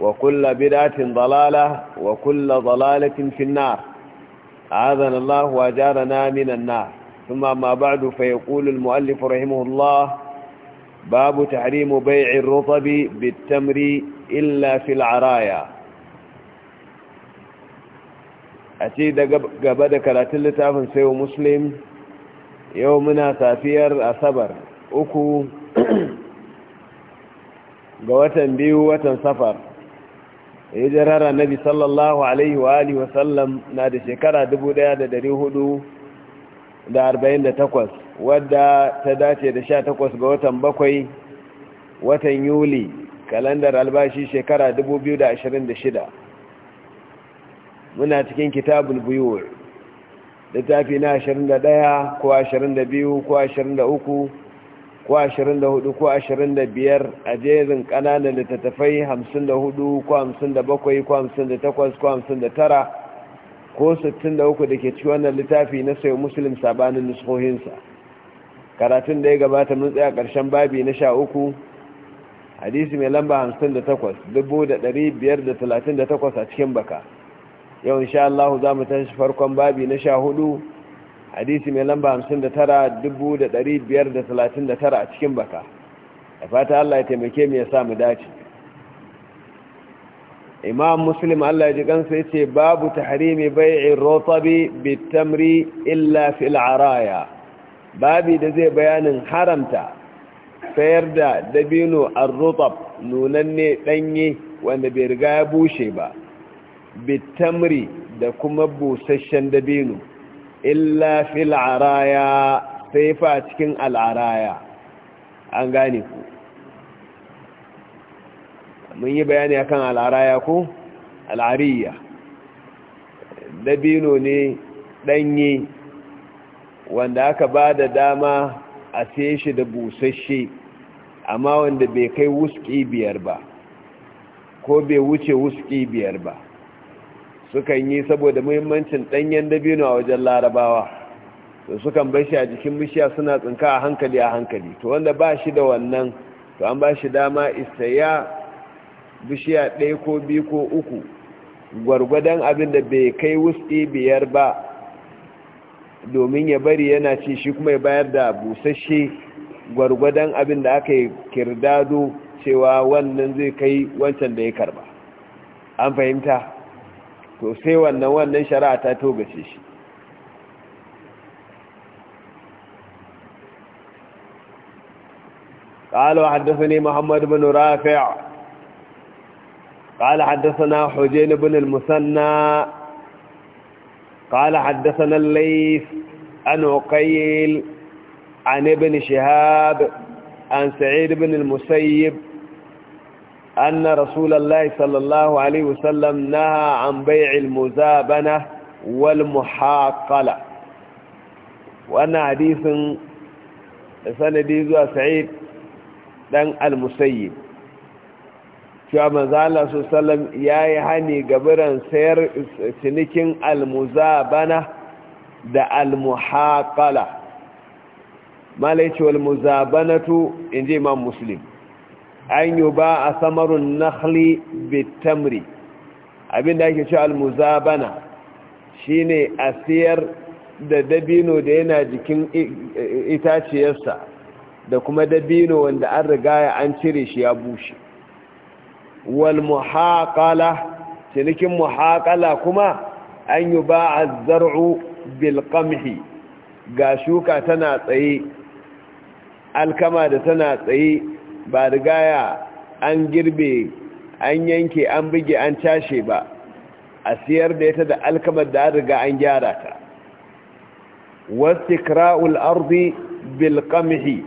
وكل بدعة ضلالة وكل ضلالة في النار أعاذنا الله وأجارنا من النار ثم ما بعد فيقول المؤلف رحمه الله باب تحريم بيع الرطب بالتمر إلا في العرايا أتيد قبدك لا لتافن سيو مسلم يومنا سافير أصبر أكو قوة بيو سفر da ya jirara nabi sallallahu alaihi wa alihi wasallam na da shekara 1448 wadda ta dace da 18 ga watan bakwai watan yuli kalandar albashi shekara 2026 muna cikin kitabul buyur littafi na 21 ko 22 ko 23 ko ashirin da hudu ko ashirin da biyar a jerin ƙananan littattafai hamsin da hudu ko hamsin da bakwai ko hamsin da takwas ko hamsin da tara ko sittin da uku da ke ci wannan littafi na sayo musulun sabanin nuskohinsa karatun da ya gabata mun a ƙarshen babi na sha uku hadisi mai lamba hamsin da takwas dubu da ɗari biyar da talatin da takwas a cikin baka yau insha Allah za mu tashi farkon babi na sha hudu hadisi mai lamba 59,539 a cikin baka da fata Allah ya taimake mu ya sa mu dace imam muslim Allah ya ji kansa ya ce babu tahrimi bai'in rotabi bitamri illa fil araya babi da zai bayanin haramta sayar da dabino arrotab nunanne danye wanda bai riga ya bushe ba bitamri da kuma busashen dabino illa fil araya sai fa cikin al'araya an gane ku mun yi bayani akan al'araya ko al'ariya dabino ne ɗanye wanda aka ba da dama a siye shi da busasshe amma wanda bai kai wuski biyar ba ko bai wuce wuski biyar ba sukan yi saboda muhimmancin ɗanyen dabino a wajen larabawa to sukan bar shi a jikin bishiya suna tsinka a hankali a hankali to wanda ba shi da wannan to an ba shi dama isaya bishiya ɗaya ko biyu ko uku gwargwadon abin da bai kai wusti biyar ba domin ya bari yana ci shi kuma ya bayar da busasshe gwargwadon abin da aka yi kirdado cewa wannan zai kai wancan da ya karba an fahimta to sai wannan wannan shari'a ta togace shi قال حدثني محمد بن رافع قال حدثنا حجين بن المثنى قال حدثنا الليث عن عقيل عن ابن شهاب عن سعيد بن المسيب أن رسول الله صلى الله عليه وسلم نهى عن بيع المزابنة والمحاقلة وأن حديث سندي زوى سعيد دان المسيب cewa manzala su salam ya yi hani gabiran sayar cinikin almuzabana da almuhakala malaici walmuzabanatu in ji imam muslim an yi ba a samarun nakhli bitamri abinda ake ce almuzabana shine a siyar da dabino da yana jikin itaciyarsa da kuma dabino wanda an riga an cire shi ya bushe wal muhaqala cinikin muhaqala kuma an yi ba a zar'u bilkamhi ga shuka tana tsaye alkama da tana tsaye ba rigaya an girbe an yanke an buge an cashe ba a siyar da ita da alkamar da riga an gyara ta wasu ardi arzi bilkamhi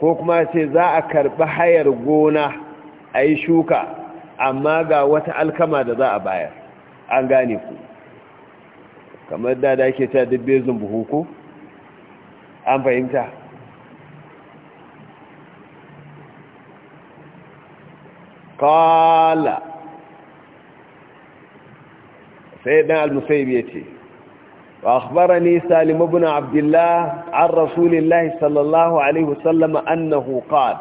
ko kuma ce za a karbi hayar gona a yi shuka amma ga wata alkama da za a bayar an gane ku kamar da da ake ta dubbe zumbuhu ko an fahimta qala sai dan al-musayyib yace wa akhbarani salim ibn abdullah an rasulillahi sallallahu alaihi wasallam annahu qala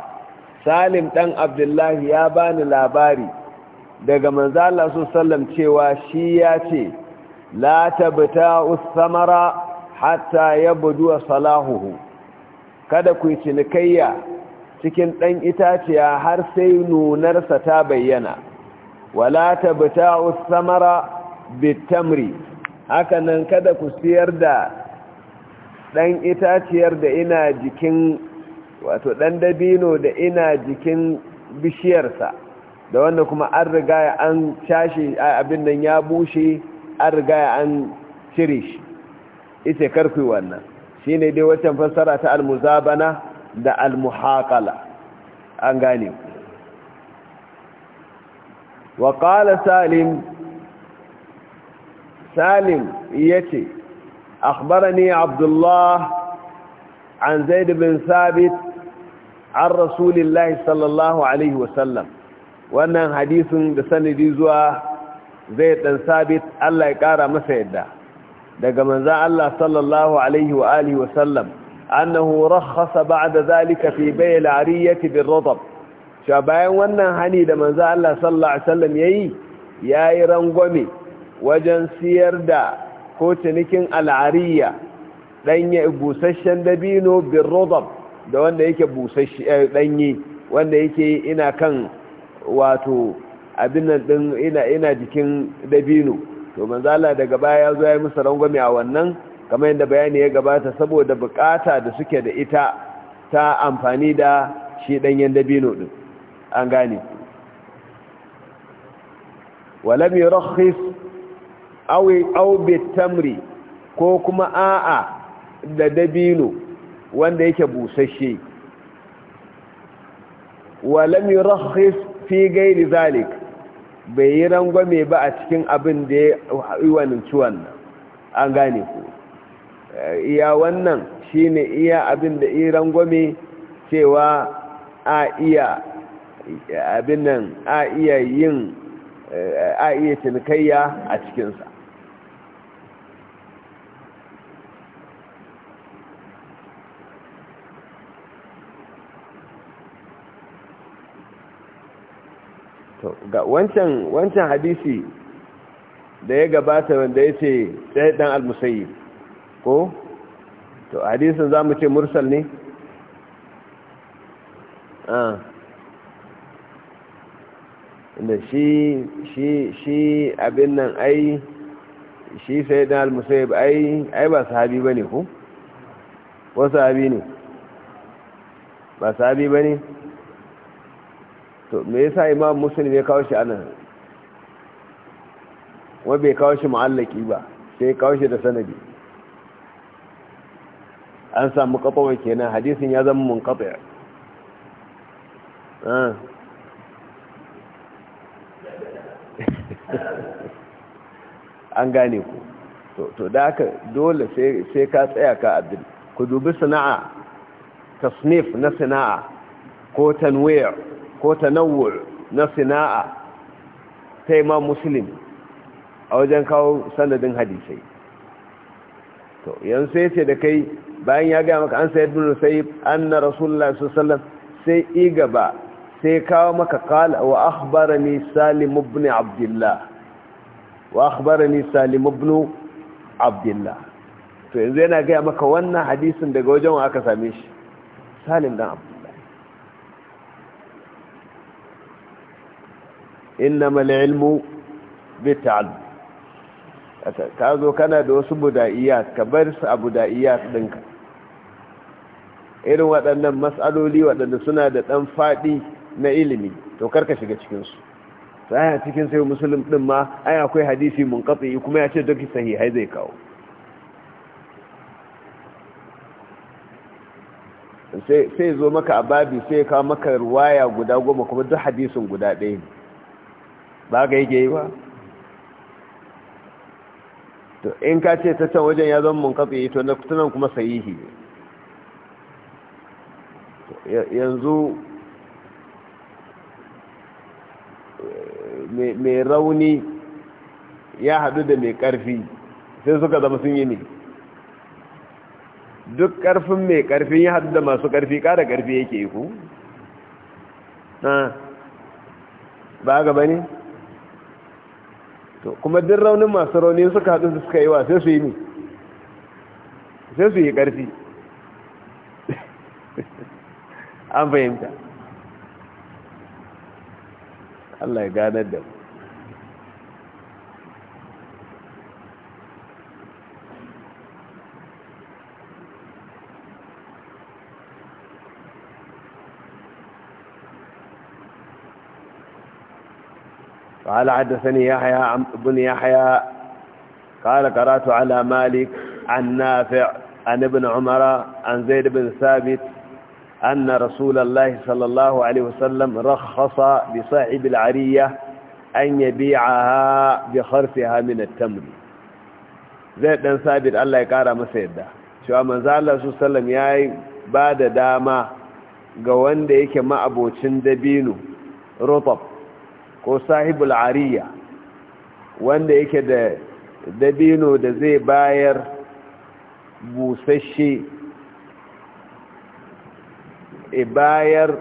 salim dan abdullah ya bani labari daga manzo Allah sallam cewa shi yace la tabta'u thamara hatta yabdu Salahu, kada ku cinikayya cikin ɗan itaciya har sai nunarsa ta bayyana wala ta bita samara bitamri hakanan kada ku siyar da ɗan itaciyar da ina jikin wato ɗan dabino da ina jikin bishiyarsa da wanda kuma an riga an cashe abin nan ya bushe an riga an cire shi ita karku wannan shine dai wacce fassara ta almuzabana da al-muhaqala an gane wa qala salim salim yace akhbarani abdullah an zaid bin sabit an rasulillahi sallallahu alaihi wa sallam. wannan hadisin da sanadi zuwa zai dan sabit Allah ya kara masa yadda daga manzon Allah sallallahu alaihi wa alihi wasallam annahu rakhasa ba'da zalika fi bay' al-ariyati bir-radab sha bayan wannan hani da manzo Allah sallallahu alaihi wasallam yayi yayi rangwame wajen siyar da ko cinikin al'ariya danye busasshen dabino birrodab da wanda yake busasshe danye wanda yake ina kan wato abin nan ina ina jikin dabino to manzo daga baya ya zo ya masa rangwame a wannan kamar yadda bayani ya gabata saboda bukata da suke da ita ta amfani da shi ɗanyen dabino ɗin an gane walam yurakhis aw aw tamri ko kuma a'a da dabino wanda yake busasshe walam yurakhis fi gairi zalik bai yi rangwame ba a cikin abin da ya yi wannan an gane ku iya wannan shine iya abin da iran gwame cewa a iya abin nan a iya yin a iya cinikayya a cikinsa ga wancan wancan hadisi da ya gabata wanda ya ce sai dan al-musayyib ko to hadisin za mu ce mursal ne ah. da shi shi shi abin nan ai shi sai da al-musayib ai ai ba sahabi bane ko ko sahabi ne ba sahabi bane to me yasa imam muslim ya kawo shi anan wa bai kawo shi mu'allaki ba sai kawo shi da sanadi an samu kafawar kenan hadisin ya zama mun kafa an gane ku to da aka dole sai ka tsaya ka abin ku dubi sana'a snif na sana'a ko tanwir ko tanawur na sana'a ta imam musulmi a wajen kawo sanadin hadisai to yanzu sai ce da kai bayan ya gaya maka an sayar bin rusayib anna rasulullah sallallahu sai igaba sai kawo maka qala wa akhbarani salim ibn abdullah wa akhbarani salim ibn abdullah to yanzu yana gaya maka wannan hadisin daga wajen wa aka same shi salim dan abdullah innama al-ilmu bi ta'allum ka zo kana da wasu buda'iyat ka bar su a buda'iyat ɗinka irin waɗannan matsaloli waɗanda suna da ɗan faɗi na ilimi to karka shiga cikinsu sai a cikin sai musulun ɗin ma ai akwai hadisi mun katsi kuma ya ce doki sahihai zai kawo sai zo maka a babi sai kawo maka ruwaya guda goma kuma duk hadisin guda ɗaya ba ga yake yi ba to in ka ce ta can wajen ya zama munkafi to na kutunan kuma sahihi yanzu mai rauni ya hadu da mai karfi sai suka zama sun yi ne duk karfin mai karfin ya hadu da masu karfi kada karfi yake yi ku ba gaba ne to kuma duk raunin masu rauni suka haɗu su suka yi wa sai su yi ne sai su yi ƙarfi an fahimta Allah ya ganar da mu قال حدثني يحيى بن يحيى قال قرأت على مالك عن نافع عن ابن عمر عن زيد بن ثابت أن رسول الله صلى الله عليه وسلم رخص لصاحب العرية أن يبيعها بخرفها من التمر زيد بن ثابت الله يقارى مسيدة شو أمن الله صلى الله عليه وسلم ياي بعد داما ga wanda yake ma'abocin dabino rotob ko sahibul ariya wanda yake da dabino da zai bayar busashe, e bayar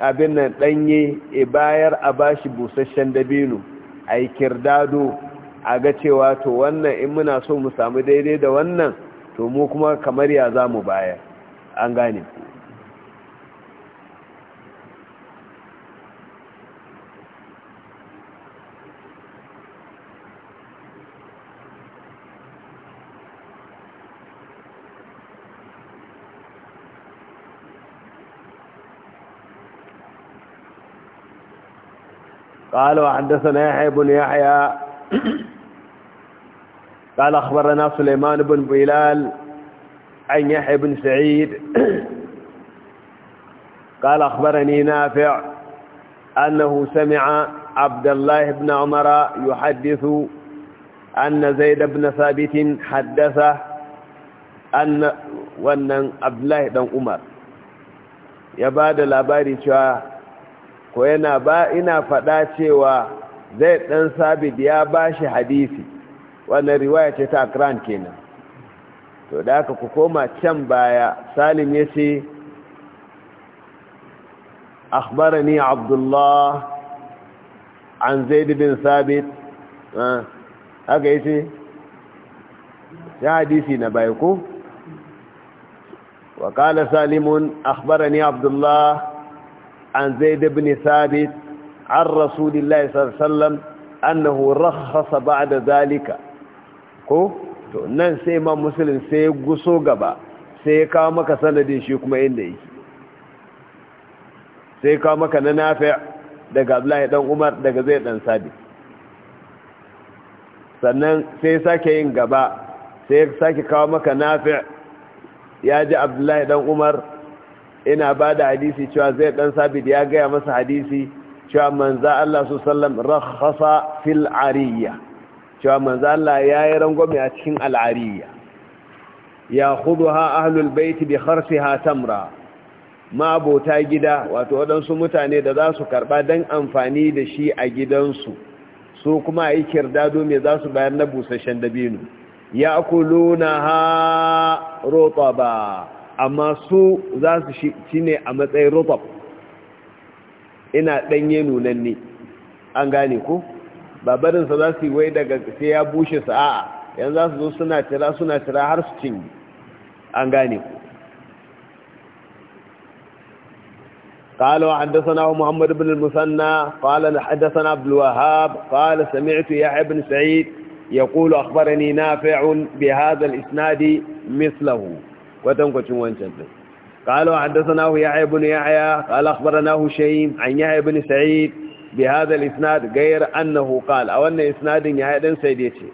abin nan danye e bayar a bashi busashen dabino a yi kirdado a ga cewa to wannan in muna so mu samu daidai da wannan to mu kuma kamar ya za mu bayar an gane قال وحدثنا يحيى بن يحيى قال أخبرنا سليمان بن بلال عن يحيى بن سعيد قال أخبرني نافع أنه سمع عبد الله بن عمر يحدث أن زيد بن ثابت حدثه أن وأن عبد الله بن عمر ya ba da labari cewa ko yana ba ina faɗa cewa zai ɗan sabid ya ba shi hadisi wannan riwaya ce ta akran kenan to da aka ku koma can baya salim ya ce akhbarani abdullah an zaid bin sabit haka ya ce ya hadisi na bai ku وقال Salimun أخبرني Abdullah. عن زيد بن ثابت عن رسول الله صلى الله عليه وسلم أنه رخص بعد ذلك ko to nan sai ma musulun sai ya guso gaba sai ya kawo maka sanadin shi kuma inda yi. sai ya kawo maka na nafi daga abdullahi dan umar daga zai dan sabi sannan sai ya sake yin gaba sai ya sake kawo maka nafi ya ji abdullahi dan umar ina ba da hadisi cewa zai dan sabid ya gaya masa hadisi cewa manza Allah su sallam rakhasa fil ariya cewa manza Allah ya yi rangwame a cikin al'ariya ya hudu ha ahlul baiti bi ha tamra ma abota gida wato waɗansu mutane da za su karɓa don amfani da shi a gidansu su kuma a yi kirdado mai za su bayar na busasshen dabino ya kuluna ha rotaba amma su za su shi ne a matsayin rufaf ina ɗanye nunan ne an gane ku babarinsa za su yi wai daga sai ya bushe sa'a yan za su zo suna tira suna tira har su cinye an gane ku قال وحدثنا محمد بن المثنى قال حدثنا عبد الوهاب قال سمعت يحيى بن سعيد يقول أخبرني نافع بهذا الإسناد مثله kwatankwacin wancan din قالوا حدثناه يحيى بن يحيى قال أخبرناه شيم عن يحيى بن سعيد بهذا الإسناد غير أنه قال أو أن إسناد يحيى بن سعيد يتي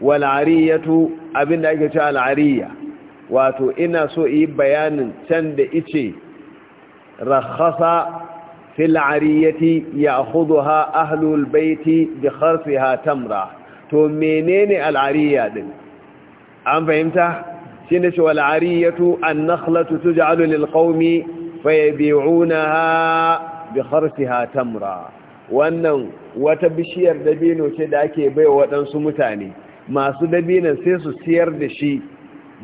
والعرية أبن ذلك العرية واتو إنا سوئي بيان تند إتي رخص في العرية يأخذها أهل البيت بخرصها تمرة تو منين العرية دل أم فهمتها shine shi wal ariyatu an nakhlatu tuj'alu lil qaumi fayabi'unaha bi kharsiha tamra wannan wata bishiyar dabino ce da ake bai waɗansu mutane masu dabinan sai su siyar da shi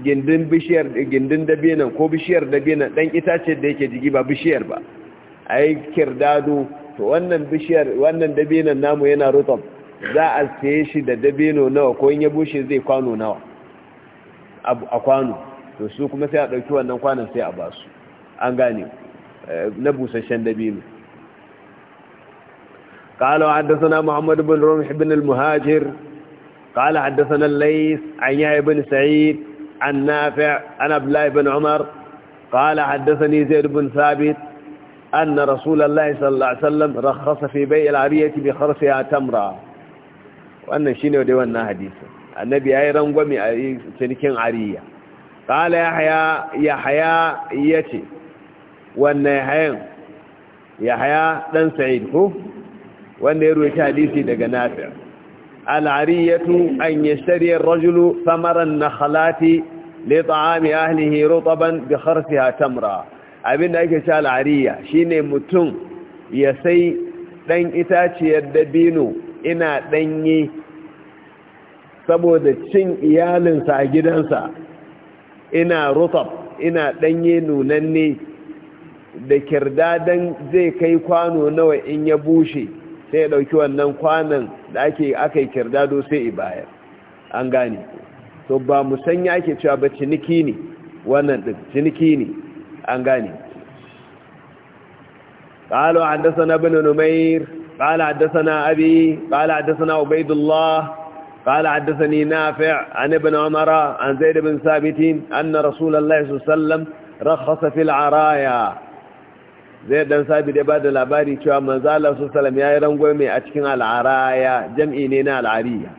gindin bishiyar gindin dabinan ko bishiyar dabinan dan itace da yake jigi ba bishiyar ba ai kirdado to wannan bishiyar wannan dabinan namu yana rutab za a saye shi da dabino nawa ko in ya bushe zai kwano nawa abu a kwano to su kuma sai a ɗauki wannan kwanan sai a ba su an gane eh, na busasshen dabino قال وحدثنا محمد بن رمح بن المهاجر قال حدثنا الليث عن يحيى بن سعيد عن نافع عن عبد الله بن عمر قال حدثني زيد بن ثابت أن رسول الله صلى الله عليه وسلم رخص في بيع العرية بخرصها تمرة وأن شنو دي وانا حديثه annabi ya yi a cinikin ariya ƙala ya haya ya ce wannan hayan ya haya ɗan sa'id ko wanda ya roƙi hadisi daga nasir al'ariyatu an yi shari'ar rajulu samaran na halati le ta'ami ahlihi rutaban bi kharfiha tamra abinda ake cewa al'ariya shine mutum ya sai ɗan itaciyar dabino ina ɗanye saboda cin iyalinsa a gidansa ina rutab ina ɗanye nunanne da kirdadan zai kai kwano nawa in ya bushe sai ya ɗauki wannan kwanan da ake aka yi kirdado sai i bayar an gane to ba musanya ake cewa ba ciniki ne wannan ɗin ciniki ne an gane قالوا حدثنا ابن نمير قال حدثنا أبي قال حدثنا عبيد الله قال حدثني نافع عن ابن عمر عن زيد بن ثابت أن رسول الله صلى الله عليه وسلم رخص في العرايا زيد بن ثابت يبادل الأباري شوى من زال الله صلى الله عليه وسلم يأيرن قومي أتكين العرايا جمعينينا العرية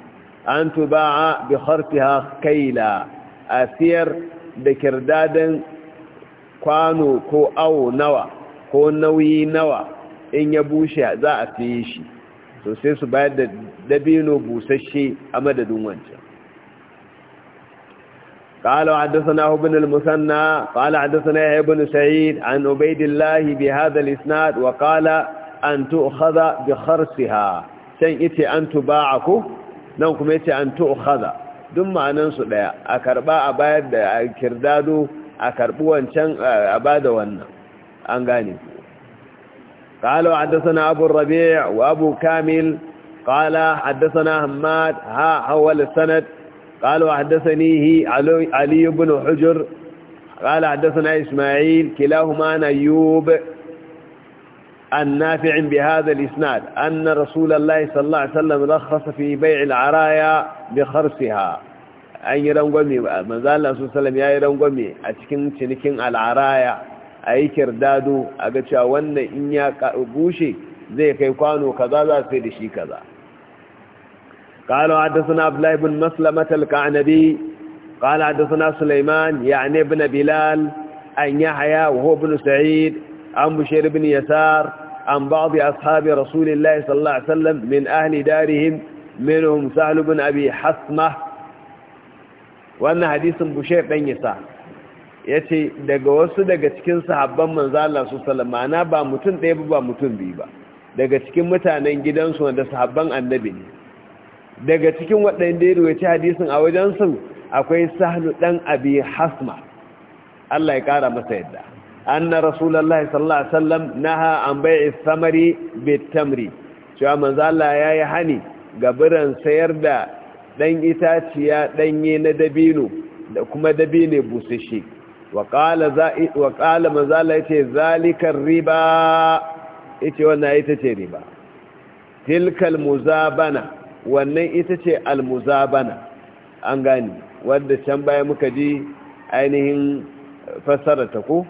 أن تباع بخرطها كيلا أثير بكرداد كانوا كو أو نوى كو نوي نوى إن يبوشي bushe za to sai su bayar da dabino busasshe a madadin wancan قال حدثنا ابن المسنى قال حدثنا ابن سعيد عن عبيد الله بهذا الاسناد وقال ان تؤخذ بخرسها شان يتي ان تباعك nan kuma yace تؤخذ دم duk ma'anan su daya a كردادو a bayar da وانا a karbi قالوا وحدثنا أبو الربيع وأبو كامل قال حدثنا هماد ها حول السند قالوا وحدثنيه علي بن حجر قال حدثنا إسماعيل كلاهما عن النافع بهذا الإسناد أن رسول الله صلى الله عليه وسلم رخص في بيع العرايا بخرسها أن يرون قمي مازال الله صلى الله عليه وسلم يا قمي أتكن تنكن العرايا a yi kirdado a ga cewa wannan in ya bushe zai kai kwano kaza za su da shi kaza kala wadda suna blaibin maslamatar ka'anabi kala wadda suna suleiman ya ne bilal an yi haya waho bin sa'id an bushir bin yasar an ba bi a rasulillah sallallahu min ahli darihim min umsalubin abi hasma wannan hadisin bushir ɗan yasar ya ce daga wasu daga cikin sahabban manzala su salamana ba mutum ɗaya ba mutum biyu ba daga cikin mutanen gidansu da sahabban annabi ne daga cikin waɗanda ya ruwaci hadisin a wajen su akwai sahlu ɗan abi hasma Allah ya ƙara masa yadda an na rasulallah sallallahu alaihi wasallam naha an bai'i samari tamri cewa manzala ya yi hani ga biran sayar da ɗan itaciya ɗanye na dabino da kuma dabine busashe wa ƙala manzala ya ce zalikar riba ce wannan ita ce riba tilkal muzabana wannan ita ce almuzabana an gani wadda can baya muka ji ainihin fassara ta ku?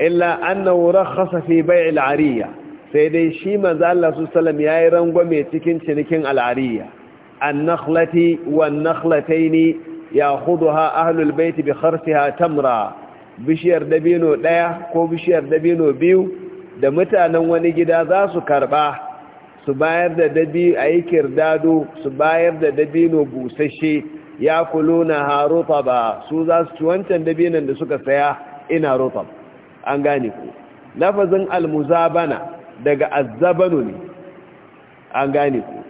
illa annahu rakhasa fi bai ariya sai dai shi manzo Allah su sallam yayi rangwame cikin cinikin al'ariya an-nakhlati wan-nakhlataini ya ha ahlul baiti bi kharsiha tamra bishiyar dabino ɗaya ko bishiyar dabino biyu da mutanen wani gida za su karba su bayar da dabi a yi kirdado su bayar da dabino busasshe ya kuluna ha rufa ba su za su ci wancan dabinan da suka saya ina rufa an gane ku lafazin almuzabana daga azzabanu ne an gane ku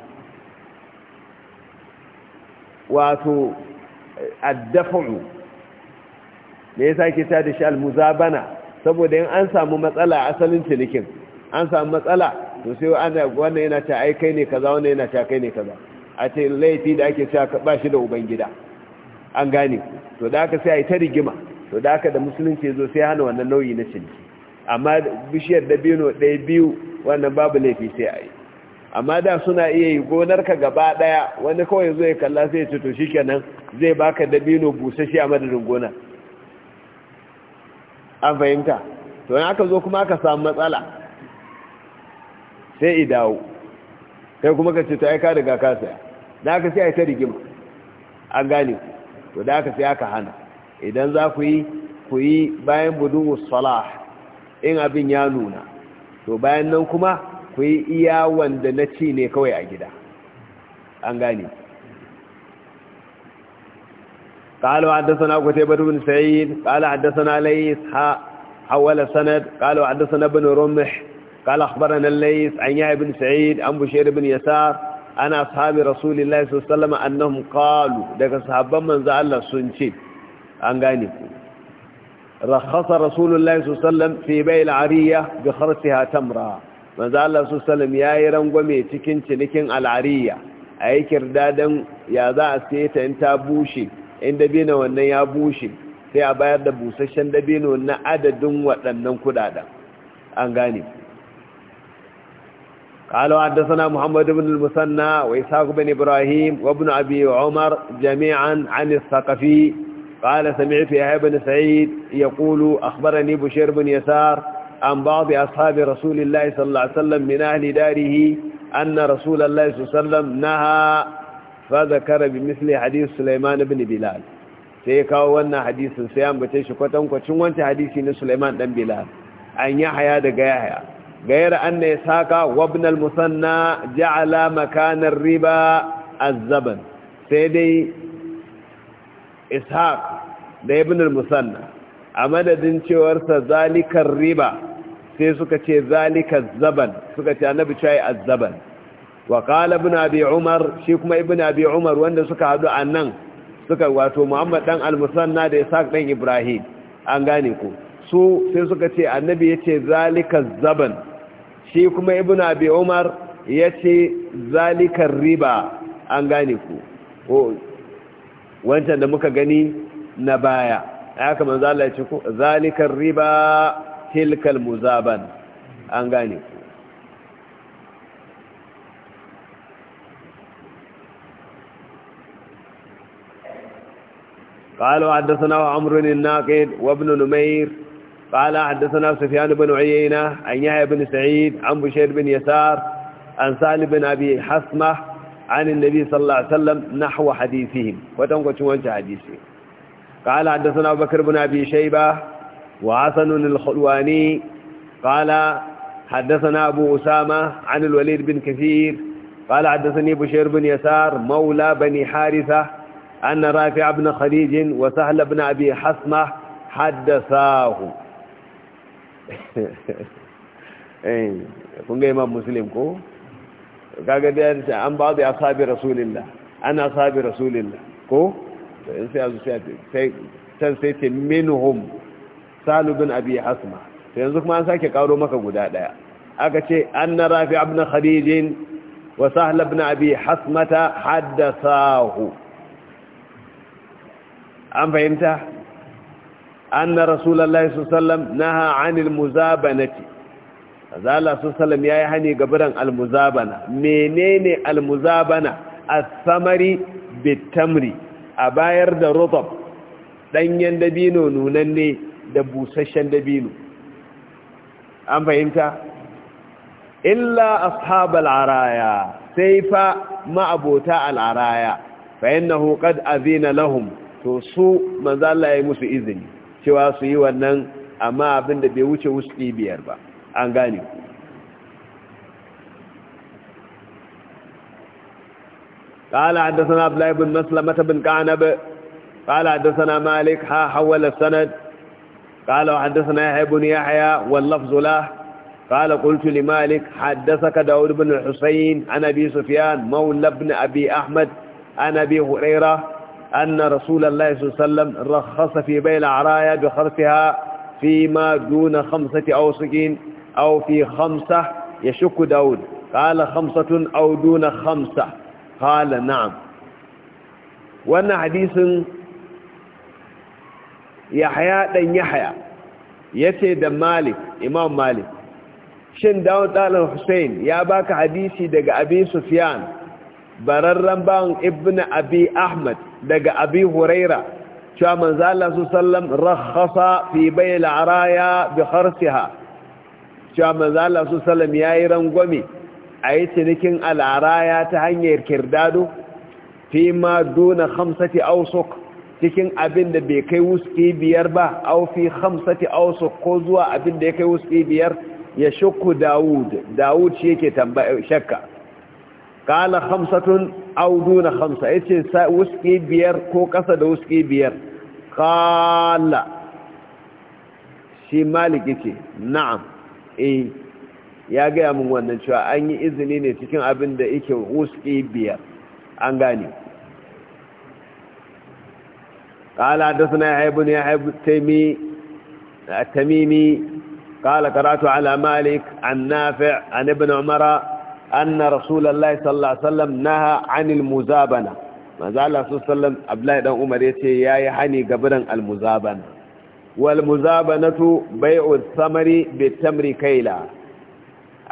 wato addafu me yasa ke ta da shi almuzabana saboda in an samu matsala asalin cinikin an samu matsala to sai wannan yana ta ai kai ne kaza wannan yana ta kai ne kaza a ce laifi da ake cewa ka shi da ubangida an gane to da aka sai ai ta rigima to da aka da musulunci zo sai hana wannan nauyi na ciniki amma bishiyar dabino ɗaya biyu wannan babu laifi sai a amma da suna iya yi gonarka gaba daya wani kawai zai kalla sai ya ce to shikenan zai baka dabino busashi a madadin gona an fahimta to ne aka zo kuma aka samu matsala sai i dawo sai kuma ka ce to ai ka riga ka saya da aka sai ai ta rigima an gane ku to da aka sai aka hana idan za ku yi ku yi bayan budu salah in abin ya nuna to bayan nan kuma akwai iya wanda na ci ne kawai a gida an gani قالوا حدثنا قتيبة بن سعيد قال حدثنا ليس حول سند قالوا حدثنا بن رمح قال أخبرنا الليث عن يحيى بن سعيد عن بشير بن يسار انا أصحاب رسول الله صلى الله عليه وسلم أنهم قالوا ذلك صحابا من ذا الله سنشد عن غني رخص رسول الله صلى الله عليه وسلم في بيع العرية بخرسها تمرا manzo Allah su sallam yayi rangwame cikin cinikin al'ariya a yi kirdadan ya za a sai ta in ta bushe in bina wannan ya bushe sai a bayar da busasshen dabino na adadin waɗannan kudaden an gane قالوا حدثنا محمد بن المثنى ibrahim بن إبراهيم وابن أبي عمر جميعا عن الثقفي قال سمعت يحيى بن سعيد يقول أخبرني بشير بن يسار عن بعض أصحاب رسول الله صلى الله عليه وسلم من أهل داره أن رسول الله صلى الله عليه وسلم نهى فذكر بمثل حديث سليمان بن بلال sai kawo wannan hadisin sai an bace shi kwatankwacin wancan hadisi na Suleiman dan Bilal an Yahya daga Yahya غير أن إسحاق وابن المثنى جعل مكان الربا الزبن سيدي إسحاق da ibn al-musanna a madadin cewarsa zalikar riba sai suka ce zalika zaban suka ce annabi cai azzaban wa qala ibn abi umar shi kuma ibn abi umar wanda suka hadu annan suka wato muhammad dan al-musanna da isaq dan ibrahim an gane ku su sai suka ce annabi yace zalika zaban shi kuma ibn abi umar yace zalika riba an gane ku ko wancan da muka gani na baya aka manzo Allah ya ce ku zalika riba tilkal muzaban an gane ku قالوا حدثنا عمرو الناقد وابن نمير قال حدثنا سفيان بن عيينة عن يحيى بن سعيد عن بشير بن يسار عن سالم بن أبي حسمة عن النبي صلى الله عليه وسلم نحو حديثهم وتنقوا تشوانت حديثهم قال حدثنا بكر بن أبي شيبة وحسن الخلواني قال حدثنا أبو أسامة عن الوليد بن كثير قال حدثني بشير بن يسار مولى بني حارثة أن رافع بن خديج وسهل بن أبي حسمة حدثاه kun إيه، إمام مسلم muslim عن بعض أصحاب رسول الله ba أصحاب رسول الله ana ashabi rasulillah salu bin abi hasma to yanzu kuma an sake karo maka guda daya aka ce anna rafi ibn khadij wa sahl ibn abi hasmata haddathahu an fahimta anna rasulullahi sallallahu alaihi wasallam naha anil muzabanati azala sallam yayi hani gabaran almuzabana menene almuzabana as-samari bitamri a bayar da rutab danyen dabino nunanne da busasshen dabino an fahimta illa ashabal araya sai fa ma'abota al'araya fa innahu qad azina lahum to su manzo Allah ya musu izini cewa su yi wannan amma abin da bai wuce wasu biyar ba an gane ku قال حدثنا عبد الله بن مسلمة بن كعنب قال حدثنا مالك ها حول السند قال وحدثنا يحيى بن يحيى واللفظ له قال قلت لمالك حدثك داود بن الحسين عن أبي سفيان مولى بن أبي أحمد عن أبي هريرة أن رسول الله صلى الله عليه وسلم رخص في بيع العرايا بخرفها فيما دون خمسة أوسق أو في خمسة يشك داود قال خمسة أو دون خمسة قال نعم وأن حديث yahya dan yahya yace da malik imam malik shin dawud dalal hussein ya baka hadisi daga abi sufyan bararran ban ibnu abi ahmad daga abi huraira cewa manzo Allah sallam rakhasa fi bayl araya bi kharsiha cewa manzo Allah sallam yayi rangwame ayi cinikin al'araya ta hanyar kirdado fi ma duna khamsati ausuka. cikin abin da bai kai wuski biyar ba au fi khamsati ko zuwa abin da ya kai wuski biyar ya shakku Dawud Dawud shi yake tambaya shakka qala khamsatun na duna khamsa yace wuski biyar ko kasa da wuski biyar Kala. shi malik ce na'am eh ya gaya min wannan cewa an yi izini ne cikin abin da yake wuski biyar an gane قال حدثنا يحيى بن يحيى التيمي التميمي قال قرأت على مالك عن نافع عن ابن عمر أن رسول الله صلى الله عليه وسلم نهى عن المزابنة ما زال الله صلى الله عليه وسلم أبلاء دون عمر يتي يا يحني قبرا المزابنة والمزابنة بيع الثمر بالتمر كيلا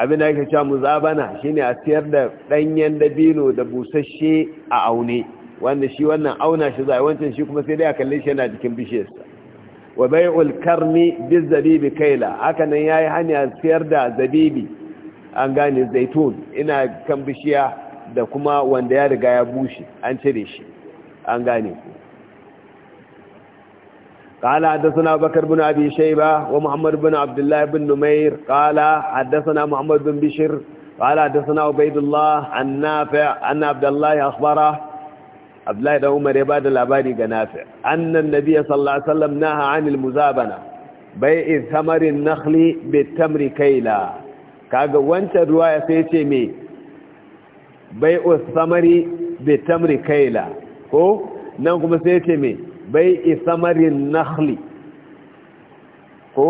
abin da ake cewa muzabana shine a siyar da danyen dabino da busasshe a aune wanda shi wannan auna shi za a wancan shi kuma sai dai a kalli shi yana jikin bishiyarsa wa bai'ul karmi bis zabibi kaila haka nan yayi hanya siyar da zabibi an gane zaitun ina kan bishiya da kuma wanda ya riga ya bushe an cire shi an gane ku قال حدثنا بكر بن أبي شيبة ومحمد بن عبد الله بن نمير قال حدثنا محمد بن بشر قال حدثنا عبيد الله عن نافع عن عبد الله أخبره abdullahi da umar ya bada labari ga nafi annan nabiyyi sallallahu alaihi wasallam naha anil muzabana bai'i samarin nakhli tamri kaila kaga wancan ruwaya sai ce me bai'u bi tamri kaila ko nan kuma sai ce me bai'i samarin nakhli ko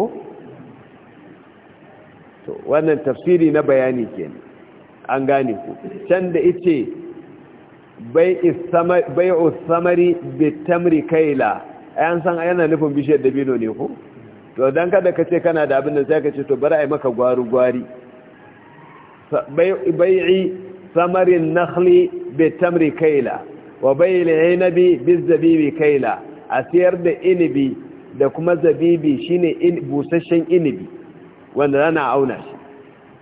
to wannan tafsiri na bayani kenan an gane ku can da ice bai'u samari tamri kaila ayan san yana nufin bishiyar dabino ne ko to dan kada ka ce kana da abin da sai ka ce to bari ai maka gwaru gwari bai'i samarin nakhli tamri kaila wa bai'il inabi zabibi kaila a siyar da inibi da kuma zabibi shine in busasshen inibi wanda ana auna shi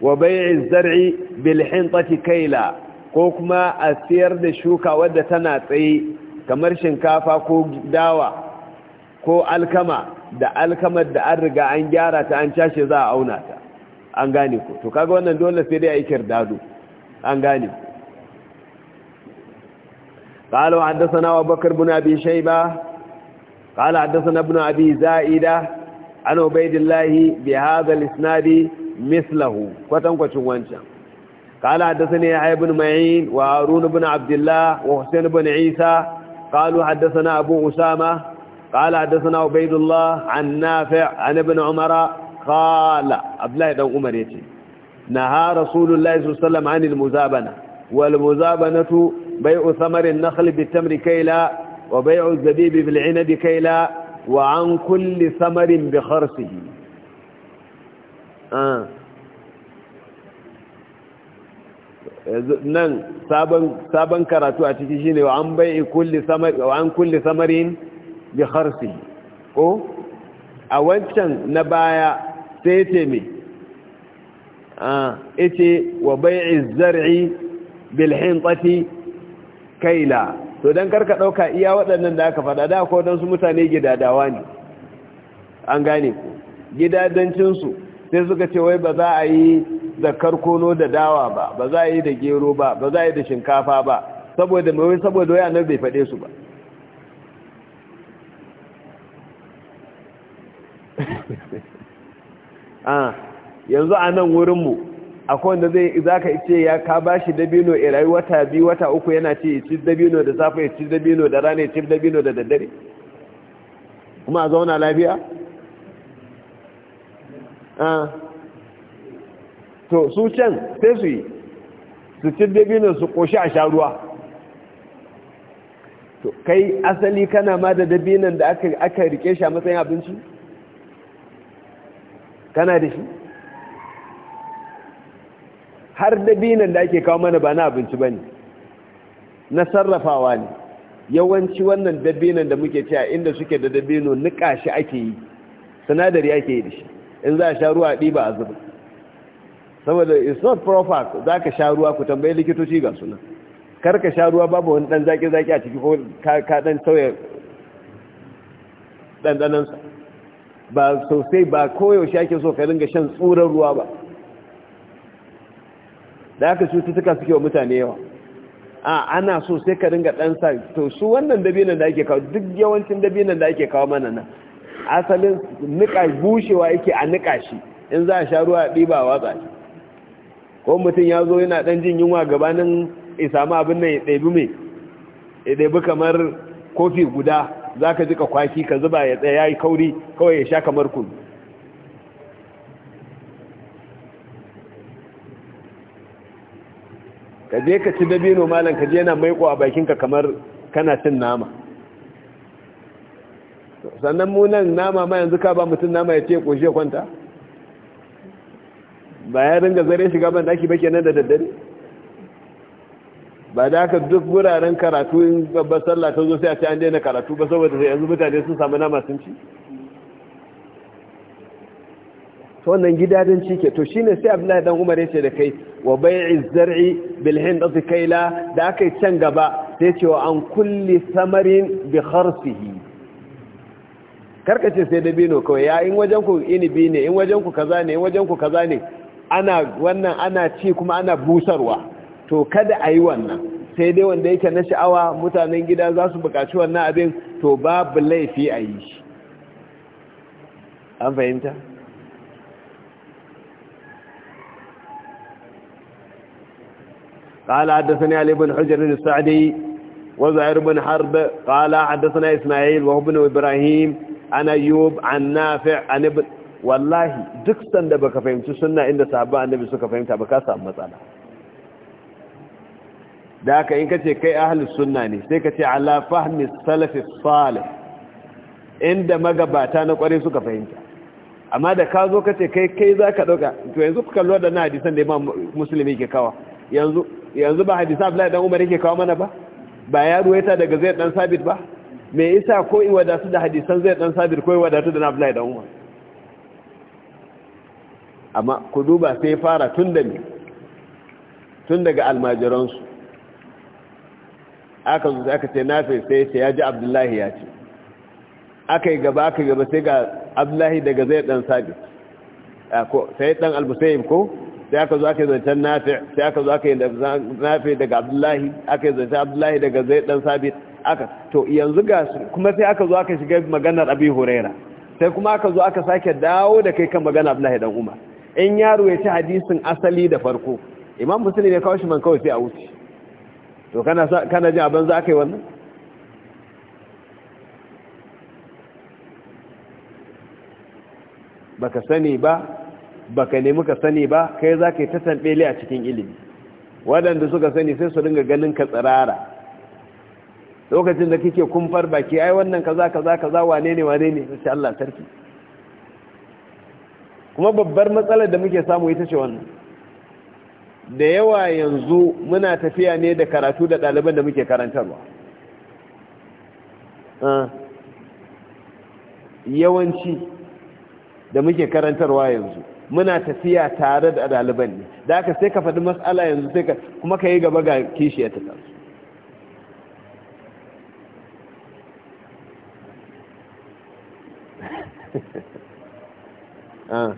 wa bai'i zar'i bil hintati kaila ko kuma a siyar da shuka wadda tana tsaye kamar shinkafa ko dawa ko alkama da alkamar da an riga an gyara ta an cashe za a auna ta an gane ku to kaga wannan dole sai dai a yi kirdado an gane ku قال وحدثنا أبو بكر بن أبي شيبة قال حدثنا ابن أبي زائدة عن عبيد الله بهذا الإسناد مثله kwatan كتن قال حدثني يحيى بن معين وهارون بن عبد الله وحسين بن عيسى قالوا حدثنا أبو أسامة قال حدثنا عبيد الله عن نافع عن ابن عمر قال عبد الله بن عمر يتي نهى رسول الله صلى الله عليه وسلم عن المزابنة والمزابنة بيع ثمر النخل بالتمر كيلا وبيع الزبيب بالعنب كيلا وعن كل ثمر بخرسه آه nan sabon karatu a ciki shine wa an bai kulli samarin bi kharsi ko a wancan na baya sai ce me a ah, yace wa bai'i zar'i bil kaila to dan karka ɗauka iya waɗannan da aka faɗa da ko dan su mutane gidadawa ne an gane ku gidadancinsu sai suka ce wai ba za a yi da karkono da dawa ba ba za a yi da gero ba ba za a yi da shinkafa ba saboda mai saboda waya nan bai faɗe su ba ah, yanzu a nan wurinmu akwai wanda zai zaka ka ce ya ka ba shi dabino a rayu wata biyu wata uku yana ce ya ci dabino da safe ya ci dabino da rana ya ci dabino da daddare kuma a zauna lafiya? Ah. to su can sai su yi su ci dabinan su koshi a sha ruwa to kai asali kana ma da dabinan da aka rike shi a matsayin abinci kana da shi har dabinan da ake kawo mana ba na abinci ba ne na sarrafawa ne yawanci wannan dabinan da muke ci a inda suke da dabino niƙa shi ake yi sinadari ake yi da shi in za a sha ruwa ɗiba a zuba saboda it's not proper za ka sha ruwa ku tambayi likitoci ga suna kar ka sha ruwa babu wani dan zaki-zaki a ciki ko ka dan sauya ɗanɗanansa ba sosai ba koyaushe ake so ka ringa shan tsuran ruwa ba da aka cututtuka suke wa mutane yawa a ana so sai ka ringa ɗan sa to su wannan dabinan da ake kawo duk yawancin dabinan da ake kawo mana nan asalin niƙa bushewa yake a niƙa shi in za a sha ruwa a ɗiba a watsa shi ko mutum ya zo yana ɗan jin yunwa gabanin ya samu abin nan ya ɗaibi mai ya ɗaibi kamar kofi guda za ka jika kwaki ka zuba ya tsaya yi kauri kawai ya sha kamar kun ka je ka ci dabino malam ka je yana maiko a bakinka kamar kana cin nama sannan munan nama ma yanzu ka ba mutum nama ya ce ƙoshe kwanta ba ya ringa zare shiga ban daki ba kenan da daddare ba da haka duk wuraren karatu in babbar sallah ta zo sai a ci an daina karatu ba saboda sai yanzu mutane sun samu nama sun ci to wannan gidajen ci ke to shine sai Abdullahi dan Umar yace da kai wa bai'i zar'i bil hindati kaila da kai can gaba sai ce wa an kulli samarin bi kharsihi karkace sai da dabino kawai ya in wajen ku inibi ne in wajen ku kaza ne in wajen ku kaza ne ana wannan ana ci kuma ana busarwa to kada a yi wannan sai dai wanda yake na sha'awa mutanen gida za su bukaci wannan abin to babu laifi a yi shi an fahimta? قال حدثني علي بن حجر السعدي وزعير بن حرب قال حدثنا إسماعيل وهو بن إبراهيم عن أيوب عن نافع عن ابن wallahi duk sanda baka fahimci sunna inda sahabban annabi suka fahimta ba ka samu matsala da haka in kace kai ahlus sunna ne sai kace ala fahmi salaf salih inda magabata na kware suka fahimta amma da ka zo kace kai kai zaka dauka to yanzu ku kallo da na hadisan da Imam yake kawa yanzu yanzu ba hadisan Abdullahi dan Umar yake kawo mana ba ba ya ruwaita daga Zaid dan Sabit ba me yasa ko iwada su da hadisan Zaid dan Sabit ko iwada su da Abdullahi dan Umar amma ku duba sai fara tun da ne tun daga almajiransu aka zuwa aka ce nafe sai ce ya ji abdullahi ya ce aka yi gaba aka gaba sai ga abdullahi daga zai dan sabi sai dan albusayim ko sai aka zo aka yi zancen nafe sai aka zo aka yi nafe daga abdullahi aka yi zancen abdullahi daga zai dan sabi aka to yanzu ga kuma sai aka zo aka shiga maganar abin huraira sai kuma aka zo aka sake dawo da kai kan maganar abdullahi dan umar in yaro ya ci hadisin asali da farko imam musulmi ne kawo shi man kawai sai a wuce to kana ji abin za ka yi wannan baka sani ba baka nemi ka sani ba kai za ka yi ta a cikin ilimi waɗanda suka sani sai su ringa ganin ka tsirara lokacin da kike kumfar baki ai wannan kaza kaza kaza wane ne wane ne insha Allah sarki kuma babbar matsalar da muke samu ita ce wannan da yawa yanzu muna tafiya ne da karatu da ɗaliban da muke karantarwa ah, yawanci da muke karantarwa yanzu muna tafiya tare da ɗaliban ne da aka sai ka faɗi matsala yanzu sai ka kuma ka yi gaba ga kishi ya tafi Ah.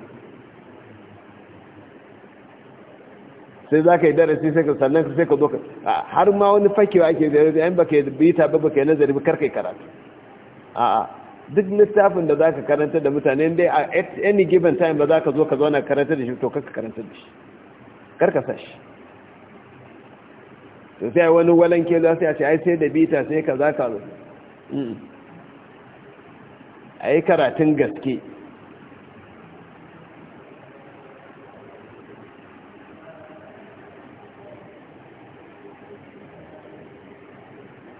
sai za ka yi darasi sai ka sannan sai ka zo ka har ma wani fakewa ake zai yan baka yi bita ba baka yi nazari ba yi karatu a duk littafin da za ka karanta da mutane dai a any given time ba za ka zo ka zauna karanta da shi to karka karanta da shi karka sa shi to sai wani ke za su ce ai sai da bita sai ka za ka zo a yi karatun gaske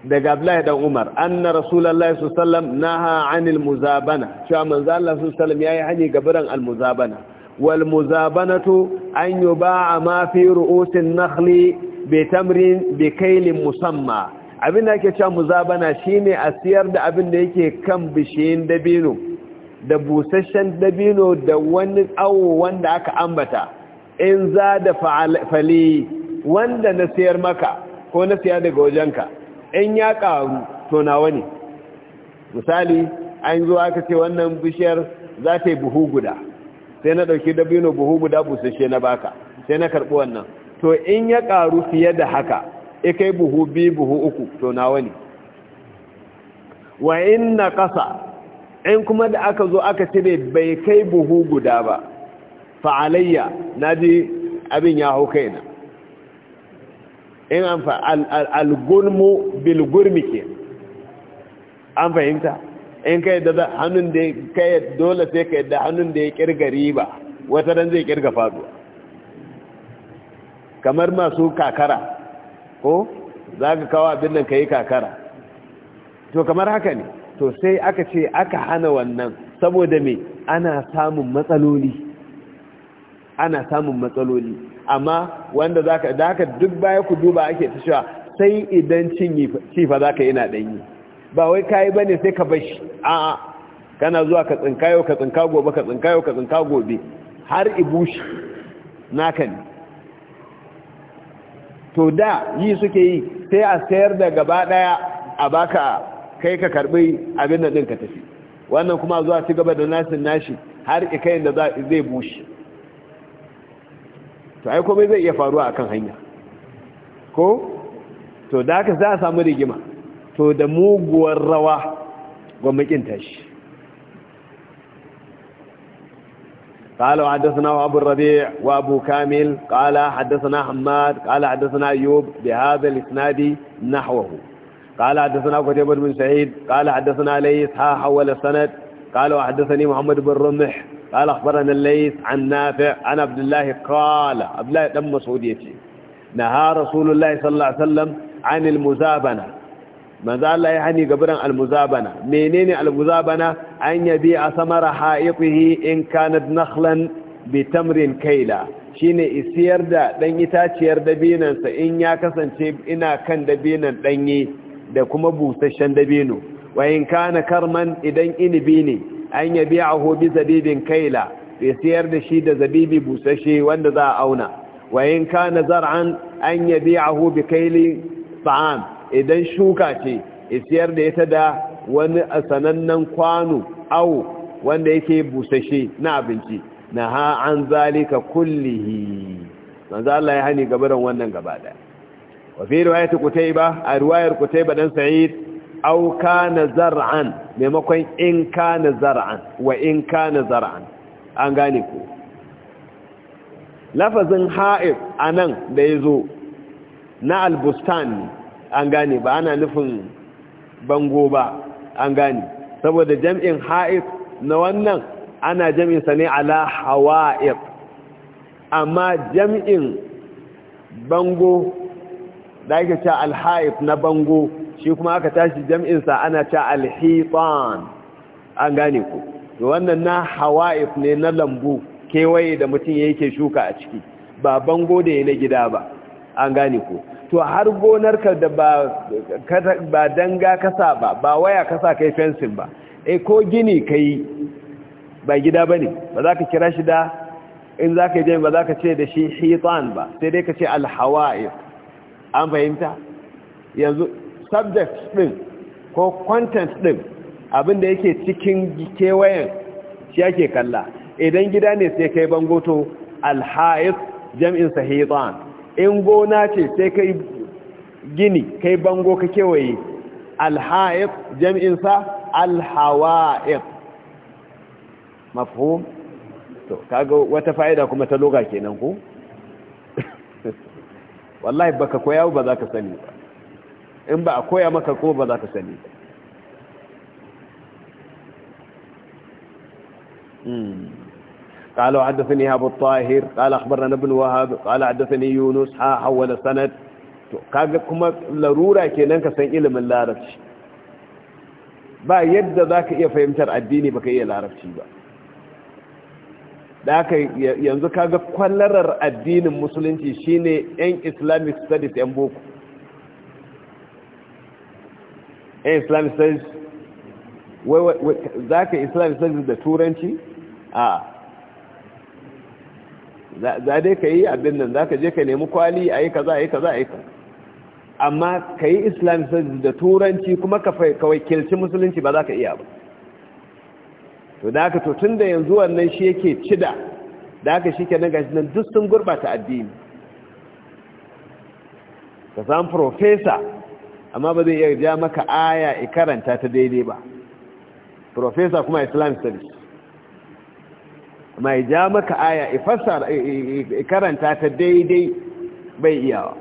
daga Abdullahi dan Umar anna Rasulullahi sallallahu alaihi wasallam naha anil muzabana cewa manzo Allah sallallahu alaihi wasallam yayi hani gabaran al muzabana wal muzabanatu an yuba'a ma fi ru'usin nakhli bi tamrin bi kaylin musamma abin yake cewa muzabana shine a siyar da abin da yake kan bishiyin dabino da busasshen dabino da wani awo wanda aka ambata in za da fali wanda na siyar maka ko na siya daga wajenka in ya ƙaru to na ne misali an zo aka ce wannan bishiyar za ta yi buhu guda sai na ɗauki dabino buhu guda busasshe na baka sai na karɓi wannan to in ya ƙaru fiye da haka ya kai buhu biyu buhu uku to na ne wa in na ƙasa in kuma da aka zo aka cire bai kai buhu guda ba fa'alayya na ji abin ya hau kaina in an fa al-gulmu bil ke an fahimta in kai da hannun da kai dole sai ka da hannun da ya kirga riba wata ran zai kirga faduwa kamar masu kakara ko za ka kawo abin nan ka yi kakara to kamar haka ne to sai aka ce aka hana wannan saboda me ana samun matsaloli ana samun matsaloli amma wanda zaka da haka duk baya ku duba ake ta cewa sai idan cin ci fa zaka yana yi. ba wai kai bane sai ka bashi a kana zuwa ka tsinkayo ka tsinka gobe ka tsinkayo ka tsinka gobe har ibushi naka ne to da yi suke yi sai a sayar da gaba daya a baka kai ka karbi abin da din ka tafi wannan kuma zuwa ci gaba da nasin nashi har ikayin da zai bushe to ai komai zai iya faruwa akan hanya ko to da haka za a samu rigima to da muguwar rawa ga gwamnatin tashi قال حدثنا ابو الربيع وابو كامل قال حدثنا حماد قال حدثنا ايوب بهذا الاسناد نحوه قال حدثنا قتيبه بن سعيد قال حدثنا ليس ها حول السند قال وحدثني محمد بن رمح قال أخبرنا الليث عن نافع عن عبد الله قال عبد الله دم سعوديتي نهى رسول الله صلى الله عليه وسلم عن المزابنة ماذا الله يعني قبرا المزابنة منين المزابنة أن يبيع ثمر حائطه إن كانت نخلا بتمر كيلا shine isiyar da dan itaciyar dabinansa in ya kasance ina kan dabinan danye da kuma busasshen dabino wa in kana karman idan inibi ne an yabi'ahu bi zabibin kaila ya siyar da shi da zabibi busashe wanda za a auna wa in kana zar'an an yabi'ahu bi kaili sa'an idan shuka ce ya siyar da ita da wani sanannen kwano au wanda yake busashe na abinci na ha an zalika kullihi manzo Allah ya hani gabaran wannan gaba daya wa fi riwayat qutayba a riwayar ba dan sa'id Auka kana zar'an maimakon in kana zar'an wa in kana zar'an an gane ku lafazin a anan da yazo na albustan an gane ba ana nufin bango ba an gane saboda jam'in ha'ib na wannan ana jam'in sa ne ala hawa'ib amma jam'in bango da ake cewa alha'ib na bango shi kuma aka tashi jam'insa ana ta alhitan an gane ku wannan na hawa'if ne na lambu kewaye da mutum yake shuka a ciki ba bango da na gida ba an gane ku to har gonar ka da ba danga kasa ba ba waya kasa kai fensin ba e ko gini kai ba gida ba ne ba za ka kira shi da in za ka yi ba za ka ce da shi hitan ba sai dai ka ce alhawa'if an fahimta yanzu subject din ko content ɗin abinda yake cikin kewayen shi ake kalla idan gida ne sai kai bangoto alhaif jam'in sahitan in gona ce sai kai gini kai bango ka kewaye jam'in jam'insa alhawa'is mafhum to kaga wata fa'ida kuma ta loga kenan ko wallahi baka koyawo ba za ka sani ba in ba a koya maka ko ba za ka sani قال وحدثني أبو الطاهر قال أخبرنا ابن وهب قال حدثني يونس ها حول سند kaga kuma larura kenan ka san ilimin larabci ba yadda za ka iya fahimtar addini ba ka iya larabci ba da aka yanzu kaga kwallarar addinin musulunci shine 'yan islamic studies 'yan boko yan eh, islam studies za ka islamic studies da turanci a za dai ka yi abin nan za ka je ka nemi kwali a yi kaza a yi kaza a yi kaza amma ka yi islamic studies da turanci kuma ka wakilci musulunci ba za ka iya ba to da haka to tun da yanzu wannan shi yake cida da haka shi ke gashi nan duk sun gurbata addini ka san profesa amma ba zai iya ja maka aya a karanta ta daidai ba profesa kuma islam studies mai ja maka aya a fassar a karanta ta daidai bai iyawa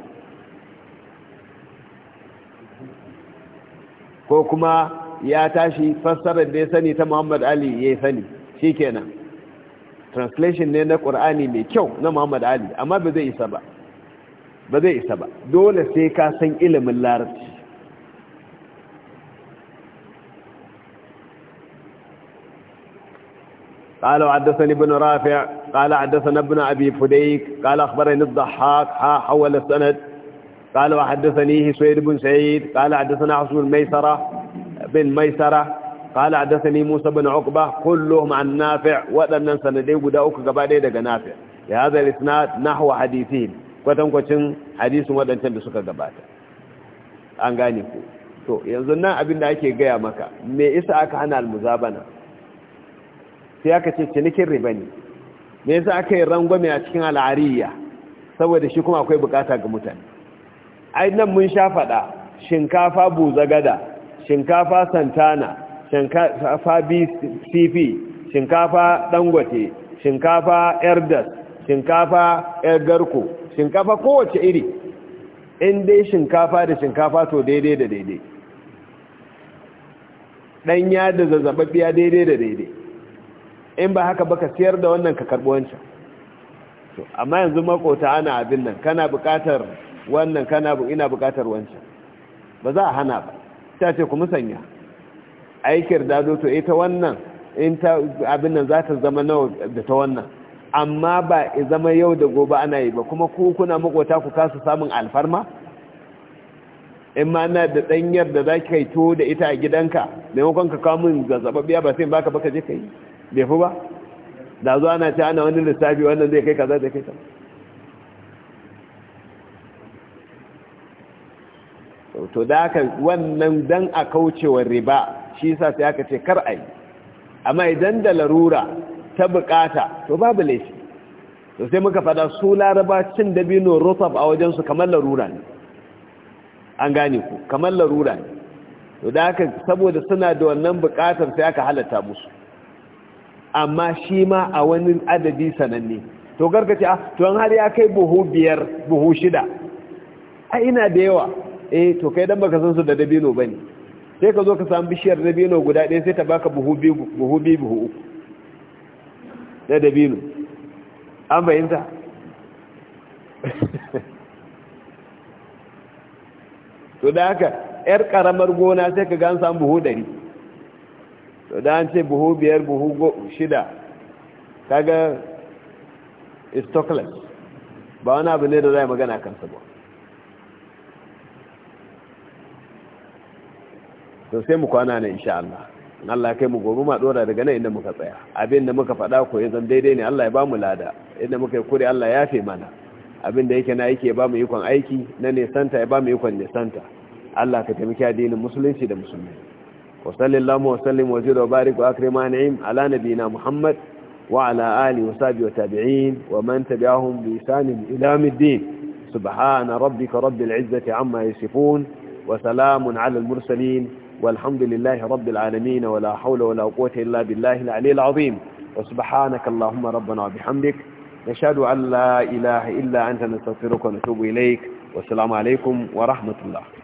ko kuma ya tashi fassarar da ya sani ta muhammad ali ya sani shi kenan translation ne na ƙur'ani mai kyau na muhammad ali amma ba zai isa ba ba zai isa ba dole sai ka san ilimin larabci قال وحدثني ابن رافع قال عدثنا ابن أبي فديك قال أخبرني الضحاك ها حول السند قال وحدثني سويد بن سعيد قال عدثنا حسن الميسرة بن ميسرة قال عدثني موسى بن عقبة كلهم عن نافع وأن سندي بدأوك قبالي دقى نافع لهذا الإثنات نحو حديثين kwatankwacin hadisin حديث da suka gabata an gane ينظرنا to yanzu nan abin da ake gaya sai aka ce cinikin riba ne me yasa aka yi rangwame a cikin al'ariya saboda shi kuma akwai bukata ga mutane ai nan mun sha faɗa shinkafa buzagada shinkafa santana shinkafa bcp shinkafa dangote shinkafa erdas shinkafa ergarko shinkafa kowace iri in dai shinkafa da shinkafa to daidai da daidai ɗanya da zazzababbiya daidai da daidai in ba haka ba ka siyar da wannan ka karɓi wancan amma yanzu makota ana abin nan kana buƙatar wannan kana ina buƙatar wancan ba za a hana ba ta ce ku musanya aikir zo to ita wannan in ta abin nan za ta zama nawa da ta wannan amma ba zama yau da gobe ana yi ba kuma ku kuna makota ku kasu samun alfarma in ma na da ɗanyar da za ka yi to da ita a gidanka maimakon ka kamun zazzaɓaɓɓiya ba sai baka baka je ka yi bai fi ba da zuwa ana ce ana wani lissafi wannan zai kai kaza zai kai kaza to da haka wannan dan a kaucewa riba shi sa sai aka ce kar a yi amma idan da larura ta bukata to babu laifi to sai muka fada su laraba cin dabino rotaf a wajensu kamar larura ne an gane ku kamar larura ne to da haka saboda suna da wannan bukatar sai aka halatta musu amma shi ma a wani adadi sananne to ce a ah, tuwan har ya kai buhu biyar buhu shida a ina da yawa eh to kai dan baka san su da dabino ba ne sai ka zo ka samu bishiyar dabino guda ɗaya sai ta baka buhu biyu buhu biyu buhu uku da dabino an bayyanta to da haka yar karamar gona sai ka gan samu buhu ɗari To da an ce buhu biyar buhu shida kaga istoklas ba wani abu ne da za magana kansa ba to sai mu kwana ne insha Allah Allah kai mu gobe ma dora daga nan inda muka tsaya abinda da muka faɗa ko ya zan daidai ne Allah ya ba mu lada inda muka yi kure Allah ya fe mana abin da yake na yake ya ba mu ikon aiki na nesanta ya ba mu ikon nesanta Allah ka taimaki addinin musulunci da musulmi وصلى اللهم وسلم وزيد وبارك وأكرم أنعم على نبينا محمد وعلى آله وصحبه وتابعين ومن تبعهم بإسان إلى الدين سبحان ربك رب العزة عما يصفون وسلام على المرسلين والحمد لله رب العالمين ولا حول ولا قوة إلا بالله العلي العظيم وسبحانك اللهم ربنا وبحمدك نشهد أن لا إله إلا أنت نستغفرك ونتوب إليك والسلام عليكم ورحمة الله